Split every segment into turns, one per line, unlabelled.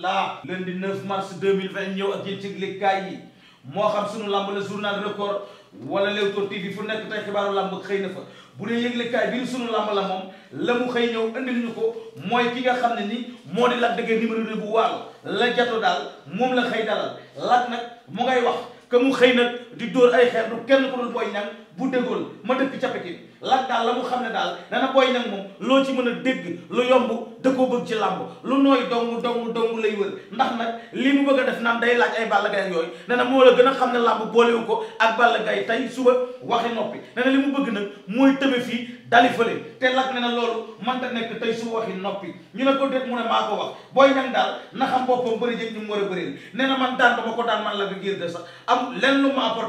rahmatullah lundi 9 mars 2020 ñëw ak yéen ci yëglekaay yi moo xam sunu lamb la journal record wala Leewtoo TV fu nekk tey xibaaru lamb xëy na fa bu dee yëglekaay bi sunu lamb la moom la mu xëy ñëw andil ñu ko mooy ki nga xam ne ni moo di Lac de Guiers numéro bu waalo la jato daal moom la xëy dalal Lac nag mu ngay wax que mu xëy na di dóor ay xeer du kenn ku dul Boy Niang bu déggoon ma dëkk ca Pikine daal la mu xam ne daal nee na Boy Niang moom loo ci mën a dégg lu yomb da koo bëgg ci làmb lu nooy dong dong dong lay wër ndax nag lii mu bëgg a def naan day laaj ay Balla Gaye yooyu nee na moo la gën a xam ne làmb boolewu ko ak Balla Gaye tey suba waxi noppi nee na li mu bëgg nag mooy tëbe fii dali fële te Lac nee na loolu mënta nekk tey suba waxi noppi ñu ne ko déet mu ne maa ko wax Boy Niang daal na xam boppam bëri jëg ñu mu war a bëri ne na man daan ko daan man la bi ngir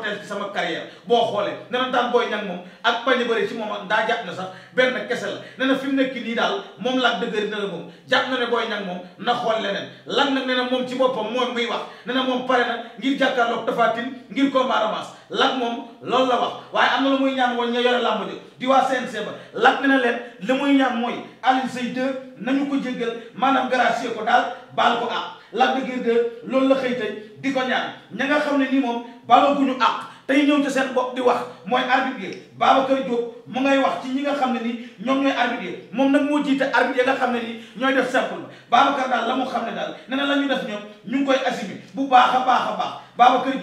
hypothèse ci sama carrière boo xoolee nee na daan booy ñang moom ak bañ a bëri ci moom ak daa jàpp na sax benn kese la nee na fi mu nekk nii daal moom laaj dëgër na la moom jàpp na ne booy ñang moom na xool leneen lan nag nee na moom ci boppam moom muy wax nee moom pare na ngir jàkkaarloog Tapha Tine ngir combat revanche lak moom loolu la wax waaye am na lu muy ñaan woon ña yore làmb ji di waa CNG ba lak ne na leen li muy ñaan mooy Alioune Seye 2 nañu ko jéggal maanaam gracier ko daal baal ko ah Lac de Guiers 2 loolu la xëy tey di ko ñaan ña nga xam ne nii moom baalaguñu àq tey ñëw ci seen bopp di wax mooy arbitre Babacar Diop mu ngay wax ci ñi nga xam ne ni ñoom ñooy arbitre moom nag moo jiite arbitre nga xam ne ni ñooy def simple Babacar daal la mu xam ne daal nee na la ñu def ñoom ñu ngi koy assumer bu baax a baax a baax Babacar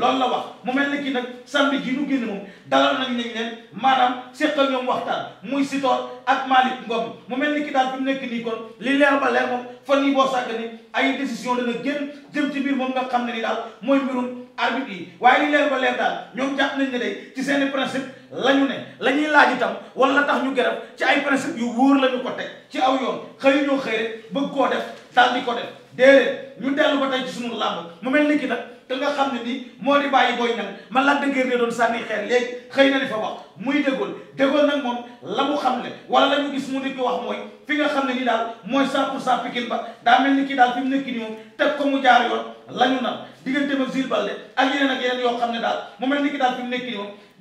loolu la wax mu mel ni kii nag samedi ji nu génn moom dalal nañu nañ leen maanaam seqal ñoom waxtaan muy Sitor ak Malick Ngom mu mel ni ki daal fi mu nekk nii kon li leer ba leer moom fan yi boo sàgg ni ay décision dana génn jëm ci mbir moom nga xam ne ni daal mooy mbirum arbitre yi waaye li leer ba leer daal ñoom jàpp nañ ne day ci seeni principe la ñu ne la ñuy laaj itam wala tax ñu gerab ci ay principe yu wóor la ñu ko teg ci aw yoon xëy ñoo xëy rek bëgg koo def daal di ko def déedéet ñu dellu ko tey ci sunu làmb mu mel ni ki nag te nga xam ne nii moo di bàyyi booy nag man la dëggee ne doon sànni xeer léegi xëy na di fa wax muy déggoon déggoon nag moom la mu xam ne wala la ñu gis mu di ko wax mooy fi nga xam ne ni daal mooy 100 pour 100 ba daa mel ni kii daal fi mu nekk nii teg ko mu jaar la ñu nar digganteem ak Zil Balde ak yeneen ak yeneen yoo xam ne daal mu mel ni ki daal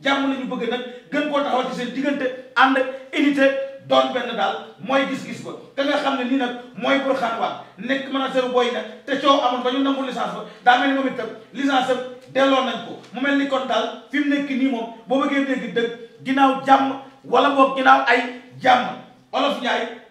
jàmm la ñu bëgg nag gën koo taxawal ci seen diggante ànd unité doon benn daal mooy gis-gis ba te nga xam ne nii nag mooy Bourkhane Wade nekk manager booy nag te coow amoon ba ñu nangu licence ba daa mel ni moom itam licence am delloo nañ ko mu mel ni kon daal fi mu nekk nii moom boo bëggee dégg dëgg ginnaaw jàmm wala boog ginnaaw ay jàmm olof Ndiaye.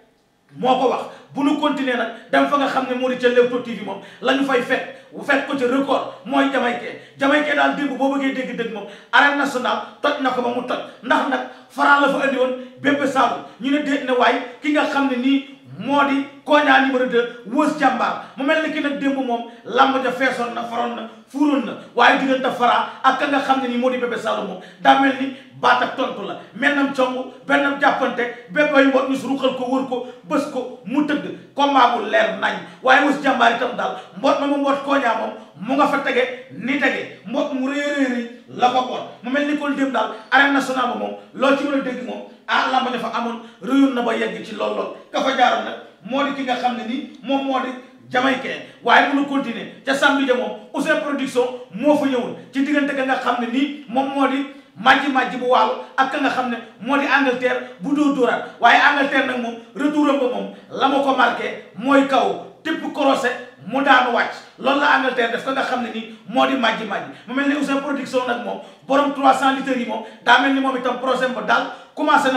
moo ko wax bu nu continuer nag dem fa nga xam ne moo di ca Leewtoo bi moom la ñu fay fet bu fekk ko ci record mooy jamay jamaykee jamaykee daal démb boobu bëggee dégg dëgg moom arène nationale toj na ko ba mu toj ndax nag Franc la fa andi woon bépp saabu ñu ne déet ne waaye ki nga xam ne nii moo di naa numéro 2 wës jàmbaar mu mel ni ki nag démb moom lamb ja feesoon na faroon na fuuroon na waaye diggante Fara ak ka nga xam ne nii moo di Bébé Saloum da daa mel ni baat ak tontu la mennam cong bennam jàppante béppay mboot ñu suruxal ko wër ko bës ko mu tëgg combat bu leer nañ waaye wës jàmbaar tam daal mboot ma mu mboot Konia moom mu nga fa tege ni tege mbokk mu rëy a rëy la ko boot mu mel ni kon dem daal arène nationale ba moom loo ci mën a dégg moom ah làmb dafa amoon rëyoon na ba yegg ci lool lool ka fa jaaroon nag moo di ki nga xam ne nii moom moo di jamaïcain waaye munu continuer ca samedi ja moom Ouzin Production moo fa ñëwul ci diggante ka xam ne nii moom moo di majji majji bu waalo ak ka nga xam ne moo di Angleterre bu dóor dóoraat waaye Angleterre nag moom retouram ba moom la ma ko marqué mooy kaw tépp korosé mu daanu wàcc loolu la Angleterre def ko nga xam ne ni moo di majji majji mu mel ni Ouzin Production nag moom borom 300 litres yi moom daa mel ni moom itam projet ba na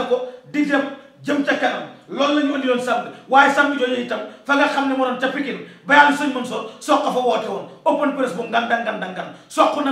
ko di loolu la ñu andi loon waaye samedi jooju itam fa nga xam ne moo doon ca Pikine ba yàlla sëñ mën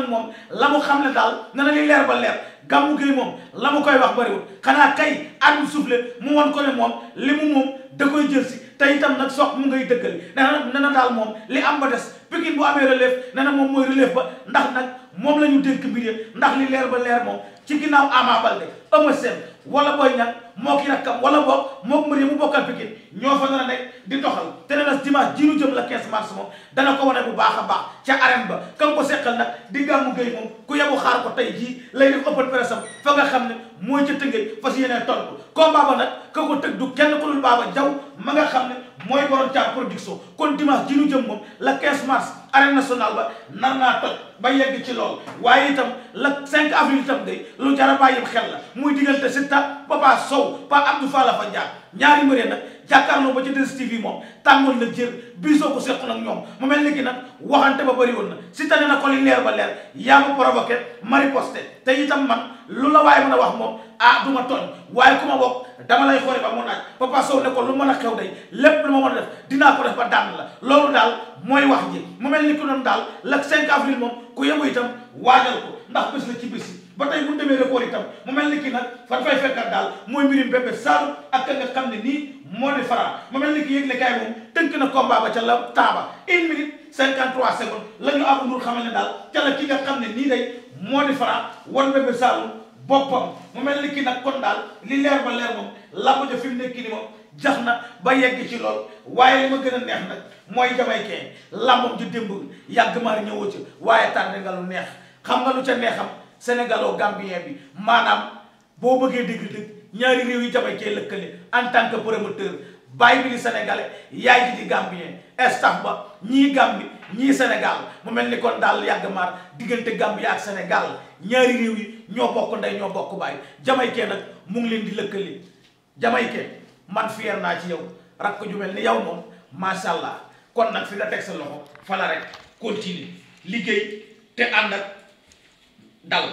moom la mu xam ne daal na na li leer ba leer gàmmu moom la mu koy wax bëriwul xanaa kay at mu soufflé mu won ko ne moom li mu moom da koy jël si te itam nag sox mu ngay dëggal nee na daal moom li am ba des Pikine bu amee relève nee na moom mooy relève ba ndax nag moom la ñu dénk mbir ya ndax li leer ba leer moom ci ginnaaw Ama Baldé Eumeu Sène wala Boy Niang moo ki rakkam wala boog moo ko mu bokkal Pikine ñoo fa nar nekk di doxal te ne la dimanche ji la 15 mars moom dana ko wane bu baax a baax ca arène ba kan ko seqal nag di gàmmu géey moom ku yebu xaar ko tey jii lay def open press am fa nga xam ne mooy ca tëngéej fa si yeneen tontu combat ba nag ka ko teg du kenn ku dul Baba Diaw ma nga xam ne mooy borom ca production kon dimanche ji nu jëm moom la 15 mars arène nationale ba nar naa toj ba yegg ci lool waaye itam la 5 avril itam de lu jar a bàyyi xel la muy diggante Siteu Papa soow Pa Abdou Fall fa jaar ñaari mbëree nag jàkkaarloo ba ci 2STV moom tàngoon la jër soo ko seqoon ak ñoom mu mel ni ki nag waxante ba bëri woon na Siteu ne na ko li leer ba leer yaa ma provoqué ma riposté te itam man lu la waaye mën a wax moom ah duma ma tooñ waaye ku ma bokk dama lay xoole ba mu naaj Papa Sow ne lu mën a xew day lépp lu ma a def dinaa ko def ba daan la loolu daal mooy wax ji mu mel ni ku doon daal la 5 avril moom ku yëngu itam waajal ko ndax bés la ci bés yi ba tey bu demee record itam mu mel ni ki fa fan fay fekkat daal mooy mbirum Bébé Saloum ak ka nga xam ne nii moo di Fara mu mel ni ki yëgle kaay moom tënk na combat ba ca la taaba une minute cinquante la ñu am ndur xamal daal ca ki nga xam ne nii day moo di Fara wan Bébé Saloum boppam mu mel ni kii nag kon daal li leer ba leer moom làmb ja fi mu nekk nii moom jax na ba yegg ci lool waaye li ma gën a neex nag mooy jamaykee làmbam ji démb yàgg maar ñëwoo ci waaye tànn nga neex xam nga lu ca neexam sénégalo gambien bi maanaam boo bëggee dégg ñaari réew yi jamaykee lëkkale en tant que promoteur bàyyi bi di sénégalais yaay ji di gambien staff ba ñii Gambie ñii Sénégal mu mel ni kon daal yàgg maar diggante Gambie ak Sénégal ñaari réew yi ñoo bokk ndey ñoo bokk baay jamaykee nag mu leen di lëkkali jamaykee man fier naa ci yow rakk ju mel ni yow moom macha allah kon nag fi nga teg sa loxo fala rek continue liggéey te ànd ak
dal.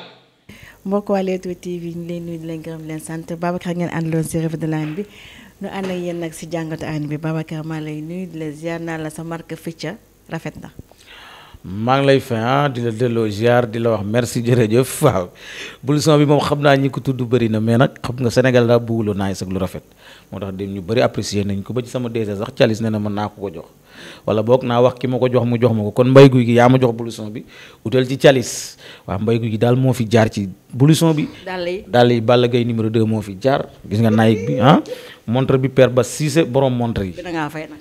mbokk waa Leewtoo TV ñu leen nuyu di leen gërëm leen sant Babacar ngeen àndaloon si revue de l'arène bi ñu ànd ak yéen nag si jàngatu arène bi Babacar maa lay nuyu di la ziar naa la sa marque Fitcha rafet na.
maa ngi lay fin ah, di la delloo ziar di la wax merci jërëjëf waaw bul son bi moom xam naa ñi ko tudd bëri na mais nag xam nga Sénégal daa bëgguloo naay sax lu rafet moo tax dem ñu bëri apprécier nañ ko ba ci sama DG sax calis ne na mën naa ko ko jox wala boog naa wax ki ma ko jox mu jox ma ko kon mbay guy gi yaa ma jox blouson bi utal ci calis waaw mbay guy gi daal moo fi jaar ci blouson bi. dàll yi dàll yi Balla Gaye numéro 2 moo fi jaar gis nga Nike bi ah. montre bi per Bas Cissé borom montre yi.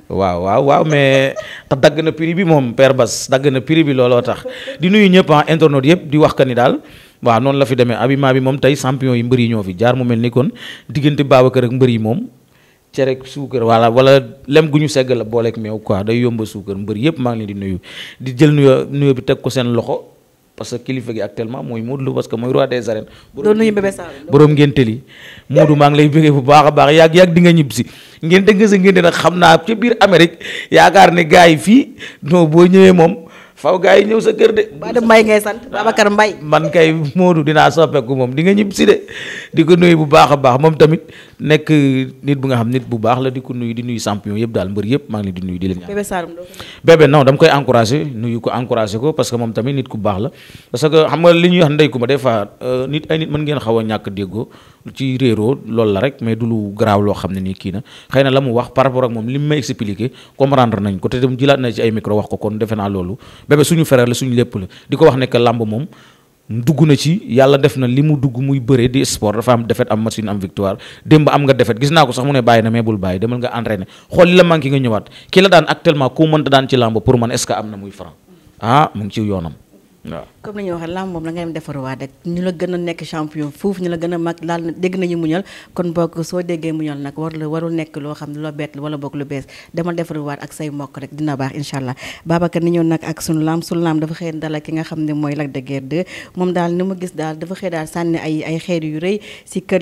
waaw waaw waaw mais. ta dagg na prix bi moom per Bas dagg na prix bi looloo tax di nuyu ñëpp ah internautes yëpp di wax ka ni daal. waa noonu la fi demee abiment bi moom tey champion yi mbër yi ñoo fi jaar mu mel ni kon diggante Babacar ak mbër yi moom cere suukar voilà wala lem gu ñu segg la booleeg meew quoi day yomba suukar mbër yëpp maa leen di nuyu di jël nuyo nuyo bi teg ko seen loxo parce que gi actuellement mooy Modou Lo parce mooy roi des arènes. ngénte li Modou maa ngi lay bëggee bu baax a baax yàgg yàgg di nga ñib si sa ngénte nag xam naa ca biir Amérique yaakaar ne gars yi fii non boo ñëwee moom. faw gaa yi ñëw sa kër de. ngay sant ah, Babacar Mbaye. man kay Modou dinaa soppeeku moom di nga ñib si de di ko nuyu bu baax a baax moom tamit nekk nit bu nga xam nit bu baax la di ko nuyu di nuyu champion yëpp daal mbër yëpp mag ngi di nuyu di leen. bébé Saloum bébé non dama koy encouragé nuyu ko encouragé ko parce que moom tamit nit ku baax la parce que xam nga li ñuy wax ndey ku ma des fois euh, nit ay nit mën ngeen xaw a ñàkk déggoo ci réeroo loolu la rek mais du lu garaaw loo xam ne nii kii na xëy na la mu wax par rapport ak moom li mu may expliqué comprendre nañ ko te tam jilaat na ci ay micro wax ko kon defe naa loolu bébé suñu frère la suñu lépp la di ko wax ne làmb moom dugg na ci yàlla def na li mu dugg muy bëre di sport dafa am défaite am machine am victoire démb am nga défaite gis naa ko sax mu ne bàyyi na mais bul bàyyi demal nga entraîné xool li la manqué nga ñëwaat ki la daan actuellement ku mënta daan ci làmb pour man est ce que
comme ni ñu waxee làmb moom la ngay dem defaruwaat rek ñu la gën a nekk champion foofu ñu la gën a mag laal na dégg nañu muñal kon bokk soo déggee muñal nag war warul nekk loo xam ne loo bett wala bokk lu bees demal defaruwaat ak say dina baax incha allah Babacar ni ñëw nag ak sunu làmb sunu làmb dafa xëy dala ki nga xam ne mooy Lac de moom daal ni mu gis daal dafa xëy daal sànni ay ay xeer yu rëy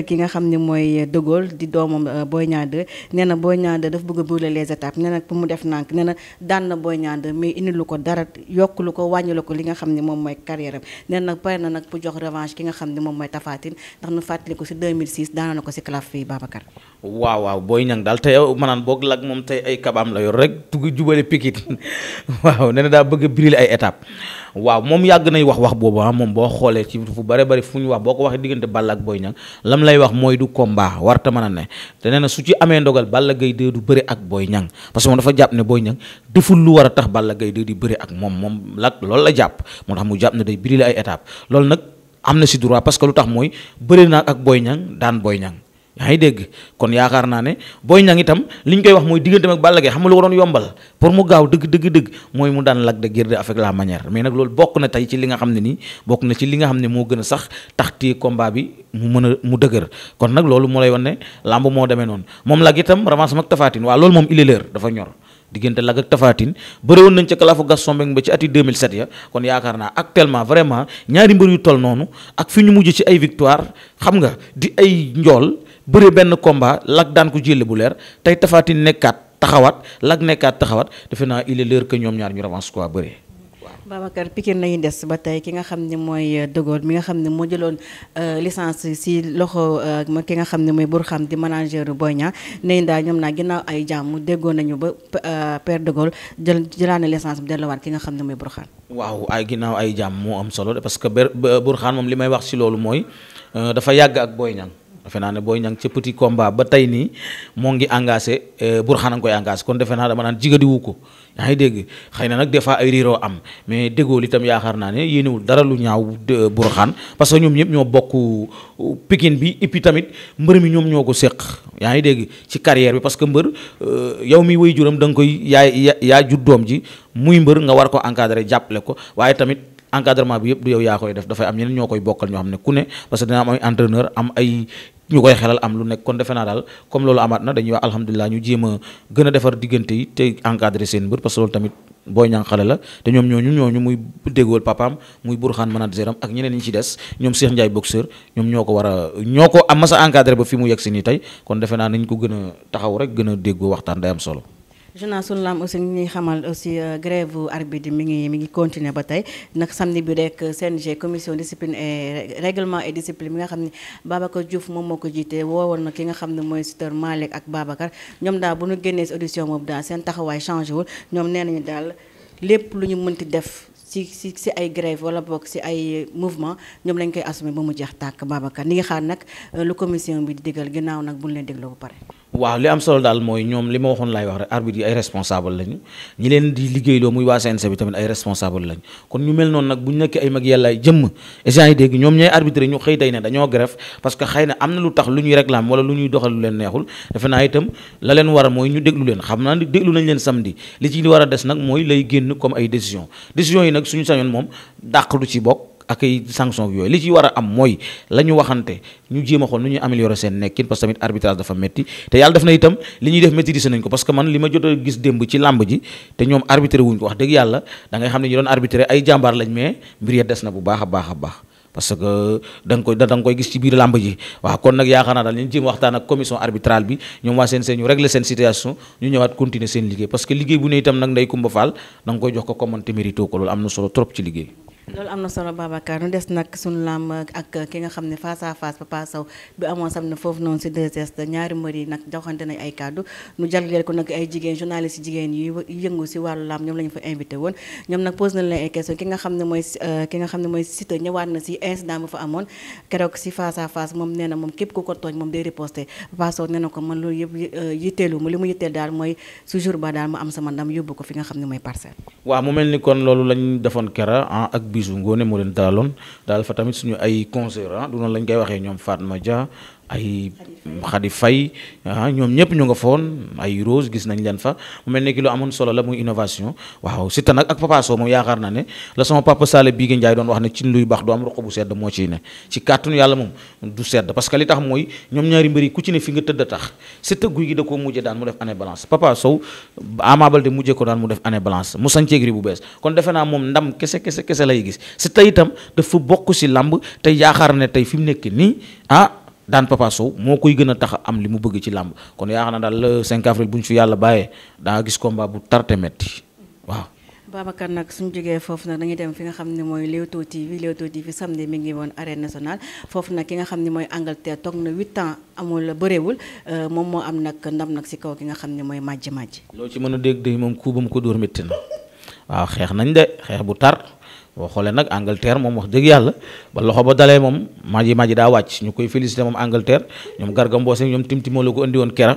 ki nga xam ne mooy De di doomam euh, Boy Niang 2 nee na Boy Niang 2 dafa bëgg a brûler les étapes na pour mu def nànk nee na daan na Boy Niang 2 mais indi lu ko dara yokk lu ko wàññi ko li nga xam ne moom mooy carrière nag pare na nag pour jox revanche ki nga xam ne moom mooy Tapha ndax nu fàttali ko si 2006 daana na ko si calaf fii Babacar
waaw waaw Boy Niang daal te yow boog lak moom tey ay kabaam la yor rek tugi jubale pikit waaw nee daa bëgg a ay étape waaw moom yàgg nay wax wax boobu ah moom boo xoolee ci fu bare bari fu ñu wax boo ko waxee diggante Balla ak Boy Niang lam lay wax mooy du combat warta mën a ne te nee na su ci amee ndogal Balla Gaye 2 du bëri ak Boy Niang parce que moom dafa jàpp ne Boy Niang deful lu war a tax Balla Gaye 2 di bëri ak moom moom la lool la jàpp moo tax mu jàpp na dey biri la ay étape loolu nag am na si droit parce que lu tax mooy bëri naa ak Boy Niang daan Boy Niang yaa ngi dégg kon yaakaar naa ne Boy Niang itam li ñu koy wax mooy digganteem ak Balla Gaye xam nga lu ko doon yombal pour mu gaaw dëgg dëgg dëgg mooy mu daan Lac de Guiers avec la manière loolu bokk na tey ci li nga xam ne nii bokk na ci li nga xam ne moo gën a sax tax téye combat bi mu mën a mu dëgër kon nag loolu mu lay wan ne làmb moo demee noonu moom lag itam revanche ak Tapha waa lool moom il dafa ñor diggante Lac ak Tapha Tine woon nañ ca kalaafu Gaston Mbengue ba ci ati 2007 ya kon yaakaar naa actuellement vraiment ñaari mbër yu tol noonu ak fi ñu mujj ci ay victoire xam nga di ay njool bëre benn combat Lac daan ko jëlee bu leer tey Tapha nekkaat taxawaat Lac nekkaat taxawaat defe naa il est l'heure que ñoom ñaar ñu revanche quoi bëre.
Babacar Pikine nañu des ba tey ki nga xam ne mooy euh, dëggoon mi nga xam ne moo jëloon euh, licence si loxo euh, ki nga xam ne mooy bur xam di manager booy Niang nañ daal ñoom naa ginnaaw ay jàmm déggoo nañu ba père de Gaulle jël jëlaane licence bi delluwaat ki nga xam ne mooy bur xam
waaw ay ginnaaw ay jàmm moo am solo parce que bur xam moom li may wax si loolu mooy dafa yàgg ak Boy Niang defe naa ne booy ñang ca petit combat ba tey nii moo ngi engagé euh, Burxaan a ngi koy engagé kon defe naa dama naan jigadi wu ko yaa ngi dégg xëy na nag des fois ay riiroo am mais déggoo li itam naa ne yéenewul dara lu ñaaw euh, Burxaan parce que ñoom ñëpp ñoo bokk euh, pikin bi et tamit mbër mi ñoom ñoo ko séq yaa ngi dégg ci carrière bi parce que mbër yow mi way juram danga koy yaay yaa jur doom ji muy mbër nga war ko encadrer jàppale ko waaye tamit encadrement bi yëpp du yow yaa koy def dafay am ñeneen ñoo koy bokkal ñoo xam ne ku ne parce que dina am ay entraîneur am ay ñu koy xelal am lu nekk kon comme loolu amaat na dañuy wax ñu jéem a gën a defar diggante yi te encadré seen mbir parce que loolu tamit booy ñàng xale la te ñoom ñu ñooñu ñu muy déggool papaam muy burxaan manager am ak ñeneen ñi ci des ñoom Cheikh Ndiaye boxeur ñoom ñoo ko war ñoo ko am sa encadré ba fi mu yegg si nii tey kon defe naa nañ ko gën a taxaw rek gën a déggoo waxtaan day am solo
journal sunu lamb aussi ñuy xamal aussi euh, grève arbitre mi ngi mi ngi continuer ba tey nag samedi bi rek euh, CNG commission discipline et règlement et discipline bi nga xam ne Babacar Diouf moom moo ko jiite woowoon na ki nga xam ne mooy Sitor Malick ak Babacar ñoom daal bu ñu génnee si audition boobu daal seen taxawaay changé wul ñoom nee nañu daal lépp lu ñu mënti def ci ci ci ay grève wala bokk ci ay mouvement ñoom lañ koy assumer ba mu jeex tàkk Babacar ni nga xaar nag euh, lu commission bi di digal ginnaaw nag bu ñu leen dégloo ba pare.
waaw li am solo daal mooy ñoom li ma waxoon laay wax rek arbitre yi ay responsable lañu ñi leen di liggéeyloo muy waa CNG bi tamit ay responsable lañu kon ñu mel noonu nag bu ñu nekkee ay mag yàllaay jëmm agents yi dégg ñoom ñooy arbitre ñu xëy tey ne dañoo grève parce que xëy na am na lu tax lu ñuy réclame wala lu ñuy doxal lu leen neexul defe naa itam la leen war mooy ñu déglu leen xam naa ni déglu nañ leen samedi li ci war a des nag mooy lay génn comme ay décision décision yi nag suñu sañoon moom dàq du ci bokk ak ay sanction yooyu li ci war a am mooy la ñu waxante ñu jéem a xool nu ñuy améliorer seen nekkin parce li ñuy def maîtriser nañ man li ma jot a gis démb ci làmb ji te ñoom arbitré wuñ ko wax dëgg yàlla da xam ne ñu doon arbitré ay jàmbaar lañ mais mbir ya des na bu baax a baax a baax parce que da nga koy da nga koy gis ci biir làmb ji waaw kon nag yaakaar daal ñu jéem waxtaan ak commission arbitrale bi ñoom waa seen seen ñu régler seen situation ñu ñëwaat continuer seen liggéey parce loolu
am na solo Babacar nu des nag suñu làmb ak ki nga xam ne face à face Papa Sow bi amoon sam ne foofu noonu si 2 ñaari mbër yi nag joxante nañ ay kàddu nu jagleel ko nag ay jigéen journaliste yi jigéen yi yëngu si wàllu làmb ñoom lañu fa invité woon ñoom nag pose nañ leen ay question ki nga xam ne mooy euh, ki nga xam ne mooy Siteu ñëwaat na si incident bu fa amoon keroog si face à moom nee na moom képp ku ko tooñ moom day riposté Papa Sow nee na ko man loolu yëpp euh, li mu yitteel daal mooy toujours ba daal am sama ndam yóbbu ko fi nga xam ne mooy parcelle
waaw mu mel ni kon loolu Bijou Ngoné moo leen dalaloon daal fa tamit suñu ay concert ah du noonu lañ koy waxee ñoom faat ma Dia ay Khady Faye ah ñoom ñëpp ñu nga foon ay Rose gis nañ leen fa mu mel ne ki amoon solo la muy innovation waaw Siteu nag ak Papa Sow moom yaakaar na ne la sama papa Sale Biége Ndiaye wax ne ci luy baax du moo ciy ne ci kàttanu yàlla moom du que li tax mooy ñoom ñaari mbër yi fi nga tëdd tax Siteu guy gi da koo mujje daan mu def ko daan mu def année balance mu sañ ceegri bu bees kon defe naa moom ndam kese kese kese lay gis Siteu itam dafa bokk si lamb te yaakaar ne tey fi mu nekk nii ah daan Papa Sow moo koy gën a tax am li mu bëgg ci làmb kon yaakaar naa daal le avril bu ñu fi yàlla bàyyee daa gis combat bu tarte metti
waaw. Babacar nag suñu jógee foofu nag dañuy dem fi nga xam ne mooy Leewtoo TV Leewtoo TV samedi mi ngi woon arène nationale foofu nag ki nga xam ne mooy Angleterre toog na huit ans amul bëreewul euh, moom moo am nag ndam nag si kaw ki nga xam ne mooy màjj màjj.
loo ci mën a dégg de moom kuubam ko dóor métti na waaw xeex nañ de xeex bu tar. boo xoolee nag Angleterre moom wax dëgg yàlla ba loxo ba dalee moom maji maji daa wàcc ñu koy félicité moom Angleterre ñoom Garga Mbossé ñoom Tim Timo la ko indi woon kera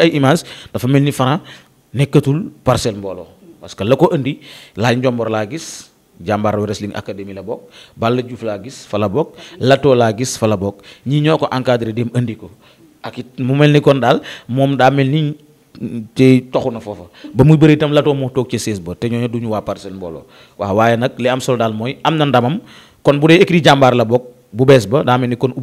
ay image dafa mel ni Franc nekkatul parcel mbooloo parce que la ko indi laaj njomboor laa gis jàmbaar wrestling academy la bokk Balla Diouf laa gis fa la bokk Lato laa gis fa la bokk ñii ñoo ko encadré dem indi ko ak it mu mel ni kon daal moom daa mel ni te toxu na foofa ba muy bari tam Lato moo toog ca sées ba te ñooñu duñu waa parcelle mbooloo waaw waaye nag li am solo mooy am na ndamam kon bu dee écrit jàmbaar la bokk bu bees ba daa mel ni kon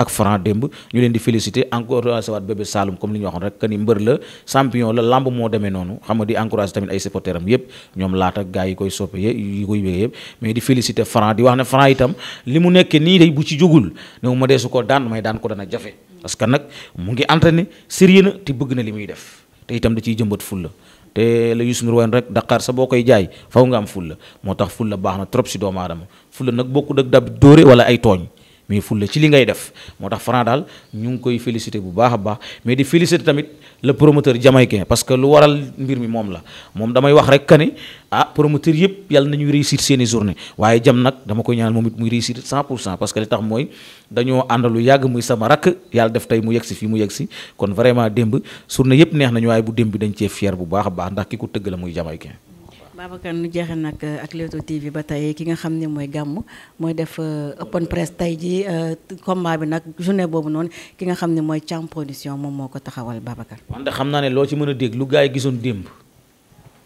ak Franc démb ñu leen di féliciter encouragé waat bébé Saloum comme li ñu waxoon rek que ni mbër la champion la lamb moo demee noonu xam di encouragé tamit ay supporters am yëpp ñoom laata gars yi koy soppe yi koy wéy mais di féliciter Franc di wax ne Franc itam li mu nekk nii day bu ci jógul ne ma dee su ko daan may daan ko dana jafe parce que nag mu ngi entraîné sérieux na te bëgg na li muy def te itam da ciy jëmbat fulla te la Youssou Ndour woon rek Dakar sa boo koy jaay faw nga am fulla moo tax fulla baax na trop si doomu aadama fulla nag bokkul ak dab wala ay tooñ mais fulla ci li ngay def moo tax Franc daal ñu ngi koy félicité bu baax a baax mais di félicité tamit le promoteur jamaïcain parce que lu waral mbir mi moom la moom damay wax rek que ni ah promoteur yëpp yàlla na réussir seen i journée waaye jam nag dama ko ñaanal moom it muy réussir 100 pour cent parce que li tax mooy dañoo àndalu yàgg muy sama rakk yàlla def tey mu yegg si fii mu yegg si kon vraiment démb journée yëpp neex nañu waaye bu démb bi dañ cee fier bu baax a ndax ki ko tëgg la muy jamaïcain
Babacar nu jeexee nag euh, ak Leewtoo TV ba tey ki nga xam ne mooy gàmm mooy def euh, open press tey jii euh, combat bi nag journée boobu noonu ki nga xam ne mooy Thiam production moom moo ko taxawal Babacar.
wante xam naa ne loo ci mën a dégg lu gars gisoon démb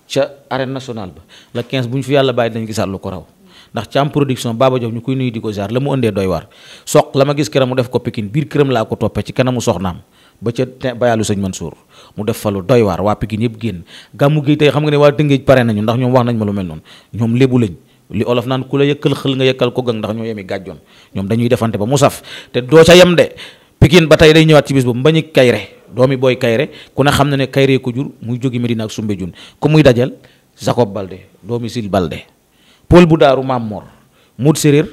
ca arène nationale ba la 15 bu ñu fi yàlla bàyyi dañu gisaat lu ko raw ndax Thiam production Baba Diop ñu koy nuyu di ko jaar la mu ëndee doy waar soq la ma gis këram mu def ko Pikine biir këram laa ko topp ci kanamu soxnaam. ba ca bayaalu sëñ Mansour mu def fa lu doy waar waa Pikine ñëpp génn gàmmu gi tey xam nga ne waa Tëngéej pare nañu ndax ñoom wax nañ ma lu mel noonu ñoom lébu lañ li olof naan ku la yëkkal xël nga yëkkal ko gang ndax ñoo yemi gàjjoon ñoom dañuy defante ba mu saf te doo ca yem de Pikine ba tey day ñëwaat ci bis boobu Mbagnick Kaïré doomi booy kayre ku ne xam na ne kayre ko jur muy jóge Medina ak Soumbédioune ku muy dajal Jacob Balde doomi Sil Balde Paul bu daaru Mamor Mout Séréer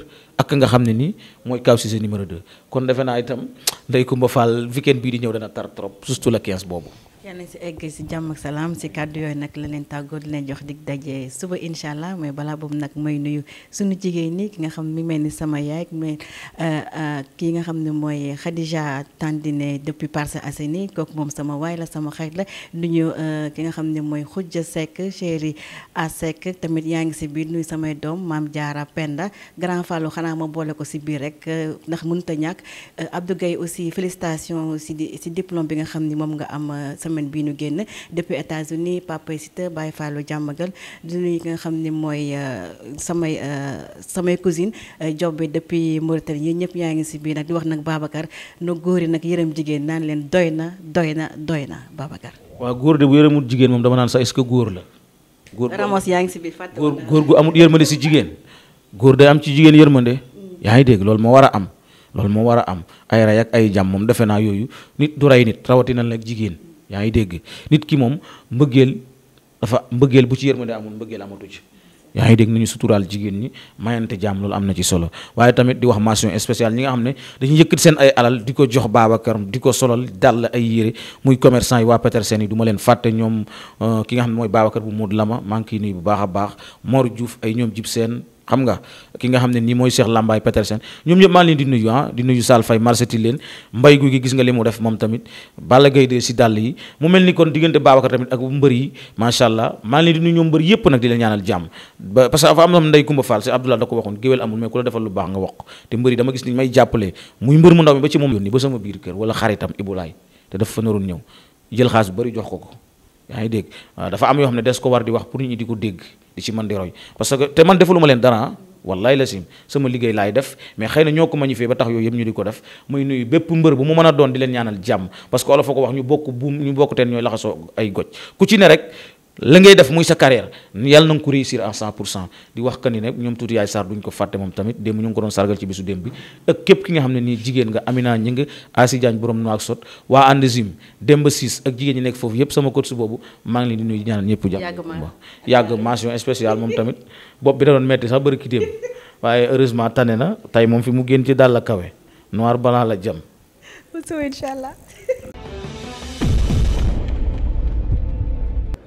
ak nga xam ne nii mooy Kaw Cissé numéro 2 kon defe naa itam Ndeye Coumba Fall weekend bii di ñëw dana tar trop surtout la 15 boobu.
yal nañ si egg si jàmm ak salaam si kàddu yooyu nag la leen tàggoo di leen jox dig daje suba incha mais balaa boobu nag mooy nuyu suñu jigéen ñi ki nga xam mi mel ni sama yaay mais euh, euh, kii nga xam ne mooy Khadija Tandine depuis Parcelles Assainies kooku moom sama waay la sama xarit la euh, ki nga xam ne mooy Khoudia Seck chéri a Seck tamit yaa ngi si biir nuy samay doom maam Diarra Penda grand Fallou xanaa ma boole ko si biir rek ndax mënut a ñàkk Abdou aussi félicitations si di bi nga xam ni moom nga am. semaine bii ñu génn depuis États-Unis Papa Sita Baye Fallou jàmmagal di nuyu nga xam ne mooy euh, samay euh, samay cousine euh, jobbe depuis Mauritanie yéen ñëpp yaa ngi si biir nag di wax nag Babacar no góor yi nag yërëm jigéen naan leen doy na doy na doy na Babacar.
waaw góor de bu yërëmul jigéen moom dama naan sax est ko góor la. góor
Ramos yaa ngi si biir fàtte
góor gu amul yërmande si jigéen góor day am ci jigéen yërmande. Mm. yaa ngi dégg loolu moo war a am loolu moo war a am ay ray ak ay jàmm moom defe naa yooyu nit du rey nit rawatina nag jigéen. yaa ngi dégg nit ki moom mbëggeel dafa mbëggeel bu ci yërmande amul mbëggeel amatu ci yaa ngi dégg nañu suturaal jigéen ñi mayante jàmm loolu am na ci solo waaye tamit di wax mention spéciale ñi nga xam ne dañuy yëkkati seen ay alal di ko jox Babacar di ko solal dal ay yére muy commerçant yi waa seen yi du leen fàtte ñoom euh, ki nga xam ne mooy Babacar bu Modou la ma ngi kii nii bu baax a baax Mor Diouf ay ñoom jib seen xam nga ki nga xam ne nii mooy Cheikh Lambaye Petersen ñoom ñëpp maa leen di nuyu ah di nuyu Sall Faye marceti leen mbay gu gi gis nga li mu def moom tamit Balla Gaye de si dàll yi mu mel ni kon diggante Babacar tamit ak mbër yi macha allah maa leen di nuyu ñoom mbër yëpp nag di leen ñaanal jàmm ba parce que dafa am na ndey Kumba Fall si Abdoulaye da ko waxoon géwél amul mais ku la defal lu baax nga wax te mbër yi dama gis ni may jàppale muy mbër mu ndaw mi ba ci moom yónni ba sama biir kër wala xaritam Ibulaay te dafa fa naroon jël xaas bu bëri jox ko ko yaa ngi dégg ah, dafa am yoo xam ne des ko war di wax pour ñu di ko dégg di ci man di roy parce que te man defaluma leen dara wallaay la sim sama liggéey laay def mais xëy na ñoo ko magnifié ba tax yooyu yëpp ñu di ko def muy nuyu bépp mbër bu mu mën a doon di leen ñaanal jàmm parce que olof a ko wax ñu bokk buum ñu bokk teen ñooy laxasoo ay goj ku ci ne rek la ngay def muy sa carrière yàlla na nga ko réussir à 100 pour cent di wax que ni ne ñoom tuuti yaay Sarr duñ ko fàtte moom tamit démb ñu ngi doon sargal ci bisu démb bi ak képp ki nga xam ne nii jigéen nga Amina Ñing Asi Diagne borom nu ak sot waa Andezim Demba Sis ak jigéen ñi nekk foofu yépp sama coach su boobu maa ngi leen di nuyu di ñaanal ñëpp yàgg mention spéciale moom tamit bopp bi da doon metti sax bëri ki waaye heureusement tane na tey moom fi mu génn ci dàll kawe noir balaa la jëm
incha allah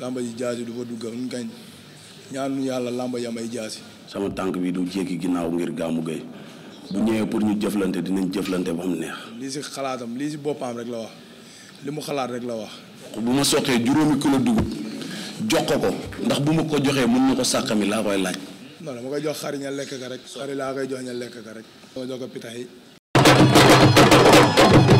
lamba ji jaasi du fa dugg ñun kañ ñaanu yàlla làmba ji ay jaasi. sama tànk bi du jékki ginnaaw ngir gàmmu gay bu ñëwee pour ñu jëflante dinañ jëflante ba mu neex. lii si xalaatam lii si boppam rek la wax li mu xalaat rek la wax. bu ma soqee juróomi kilo dugub jox ko ko ndax bu ma ko joxee mën na ko sàq mi laa koy laaj. non ma koy jox xari lekk ka rek. xari laa koy jox ña lekk ka rek. ma jox ko pitax yi.